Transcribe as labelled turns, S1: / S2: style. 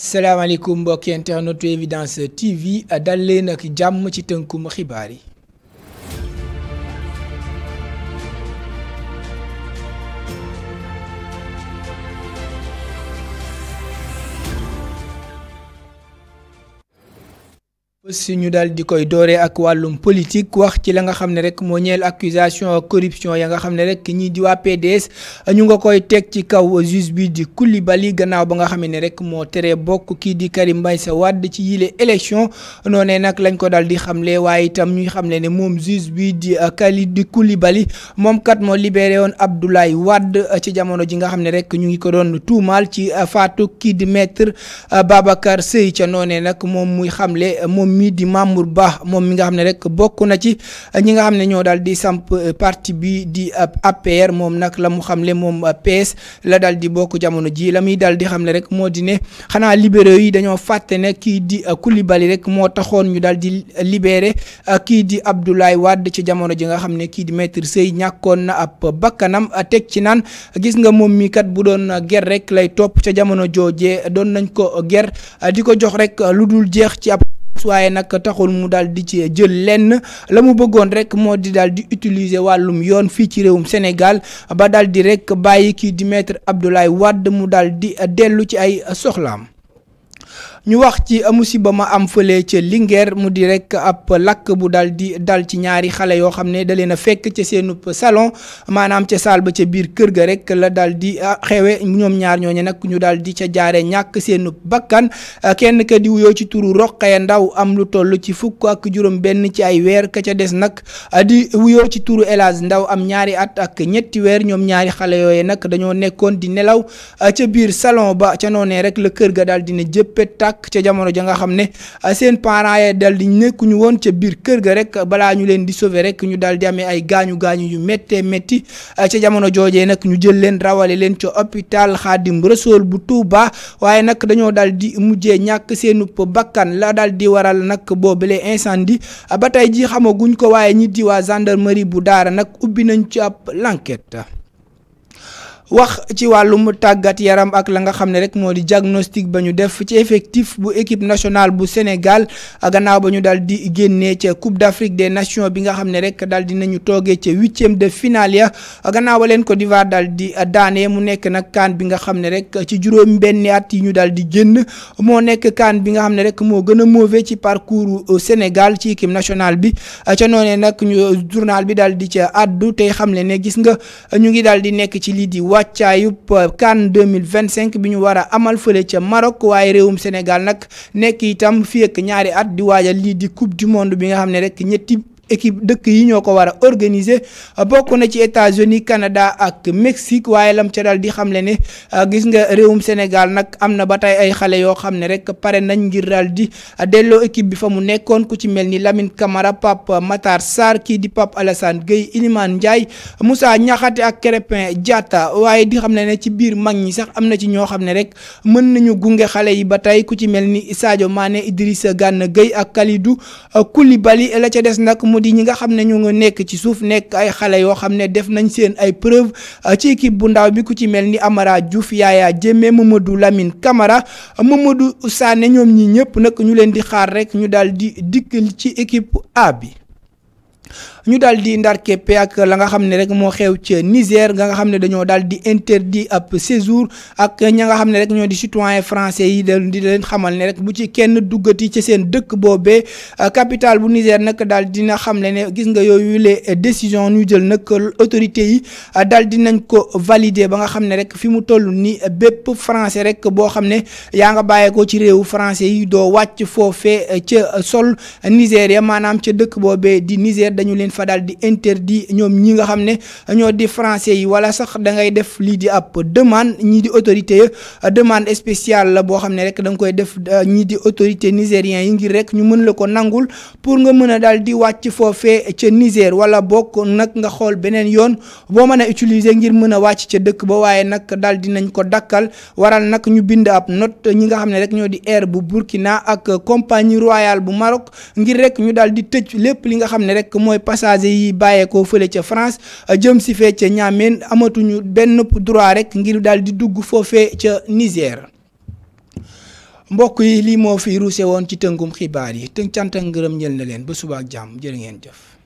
S1: salaamaaleykum mbokki internetu Evidence TV dal leen ak jàmm ci tënkum xibaar yi. si ñu daal di koy dooree ak wàllum politique wax ci la nga xam ne rek moo ñeel accusation corruption ya nga xam ne rek ñii di waa PDS ñu nga koy teg ci kaw juge bii di Coulibaly gannaaw ba nga xamee ne rek moo tere bokk kii di Karim Meïssa Wade ci yile élection noonee nag lañ ko daal di xamle waaye itam ñuy xamle ne moom juge bi di Kalidou Coulibaly moom kat moo libeere woon Abdoulaye Wade ci jamono ji nga xam ne rek ñu ngi ko doon tuumaal ci faatu kii di maître mii di Mamour baax moom mi nga xam ne rek bokk na ci ñi nga xam ne ñoo daal di samp euh, parti bi di euh, APR moom nag la mu xam xamle moom euh, pees la daal di bokk jamono ji la mii daal di xam ne rek moo di ne xanaa libéraux yi dañoo fàtte ne kii di Coulibaly rek moo taxoon ñu daal di libéré kii di Abdoulaye Wade ci jamono ji nga xam ne kii di maître Sey ñàkkoon na ab bakkanam teg ci naan gis nga moom mi bu doon ger rek lay topp ca jamono jooje doon nañ ko ger di ko jox rek lu dul jeex ci waaye nag taxul mu daal di ci jël lenn la mu bëggoon rek moo di daal di utiliser wàllum yoon fii ci réewum Sénégal ba daal di rek bàyyi kii di maître Abdoulaye wàdd mu daal di dellu ci ay soxlaam. ñu wax ci musiba ma am fële ca Linguère mu di rek ab lakk bu dal di dal ci ñaari xale yoo xam ne da leen a fekk ca seenub salon maanaam ca saal ba ca biir kër ga rek la dal di ah, xewe ñoom ñaar ñooñu nag ñu dal di ca jaare ñàkk seenub bakkan ah, kenn ka di wuyoo ci turu Roqaya Ndaw am lu toll ci fukk ak juróom ci ay weer ka ca des nag ah, di wuyoo ci turu Elage Ndaw am ñaari at ak ñetti weer ñoom ñaari xale yooyu nag dañoo nekkoon di nelaw ca biir salon ba ca noonee rek la kër ga dal dina jëppe tàkk ñàkk ca jamono ja nga xam ne ah, seen parent ya dal di nekkuñu woon ca biir kër ga rek balaa ñu leen di sauver rek ñu dal di amee ay gaañu gaañu yu méttee métti ah, ca jamono joojee nag ñu jël leen rawale leen ca hôpital Xaadim Rasuul bu Touba waaye nag dañoo dal di mujjee ñàkk seenub bakkan la dal di waral nag boobule incendie ah, ba tey ji xamaguñ ko waaye ñi di waa gendarmerie bu daara nag ubbi nañ ci ab l'enquête wax ci wàllum tàggat yaram ak la nga xam ne rek moo di diagnostic ba ñu def ci effectif bu équipe nationale bu Sénégal gannaaw ba ñu daal di génnee ca Coupe d'Afrique des nation bi nga xam ne rek daal di nañu toogee ca huitième de finale ya gannaaw ba leen ko d'Ivoire daal di daane mu nekk nag kaan bi nga xam ne rek ci juróom benni at yi ñu daal di génn moo nekk kaan bi nga xam ne rek moo gën a mauvais ci parcours Sénégal ci équipe nationale bi ca noonee nag ñu bi daal di ca addu tey xam le ne gis nga ñu ngi daal di nekk ci lii wàccaayub CAN 2025 bi ñu war a amal fële ca Maroc waaye réewum Sénégal nag nekk itam fii ak ñaari at di waajal lii di coupe du monde bi nga xam ne rek ñetti équipe dëkk yi ñoo ko war a organiser bokk na ci États-Unis Canada ak Mexique waaye lam ca dal di xam le ne ah, gis nga réewum Sénégal nag am na ba tey ay xale yoo xam ne rek pare nañ ngir daal di delloo équipe bi fa mu nekkoon ku ci mel ni Lamine Camara Pape Matar Sarr kii di Pape Alassane Gueye Ilimane Ndiaye musa Niakhaté ak Crépin Diatta waaye di xam ne ne ci biir mag ñi sax am na ci ñoo xam ne rek mën nañu gunge xale yi ba tey ku ci mel ni Sadio Mané Idrissa Gana Gueye ak Kalidou di ñi nga xam ne ñoo nga nekk ci suuf nekk ay xale yoo xam ne def nañ seen ay preuve euh, ci équipe bu ndaw bi ku ci mel ni Amara Diouf Yaya Diémé Mamadou Lamine Camara euh, Mamadou Sané ñoom ñi ñëpp nag ñu leen di xaar rek ñu dal di dikk ci équipe A bi ñu daal di ndar keppe ak la nga xam ne rek moo xew ci Niger nga nga xam ne dañoo daal di interdit ab séjour ak ña nga xam ne rek ñoo di citoyen français yi di leen xamal ne rek bu ci kenn duggati ci seen dëkk boobee euh, capitale bu Niger nag daal na xam ne ne gis nga yooyu les décision nu jël nag autorité yi euh, daal nañ ko valider ba nga xam ne rek fi mu toll ni bépp français rek boo xam ne yaa nga bàyyeekoo ci réewu français yi doo wàcc foofee ca sol Nigeria maanaam ca dëkk boobee di fa daal di interdit ñoom ñi nga xam ne ñoo di français yi wala sax da ngay def lii di ab demande ñii di autorité demande spéciale la boo xam ne rek da koy def euh, ñii di autorité nigérien yi ngir rek ñu mën la ko nangul pour nga mën a daal di wàcc foofee ca Niger wala bokk nag nga xool beneen yoon boo mën a utiliser ngir mën a wàcc ca dëkk ba waaye nag daal nañ ko dakkal waral nag ñu bind ab note ñi nga xam ne rek ñoo di air bu Burkina ak compagnie royale bu Maroc ngir rek ñu daal di tëj lépp li nga xam ne rek mooy passage passager yi bàyyeekoo fële ca France euh, jëm si fee ca Niamey amatuñu benn droit rek ngir daal di dugg foofee ca Niger. mbokk yi lii moo fi ruuse woon ci tëngum xibaar yi tënk cant ak ngërëm ñel na leen ba suba ak jàmm jërë ngeen jëf.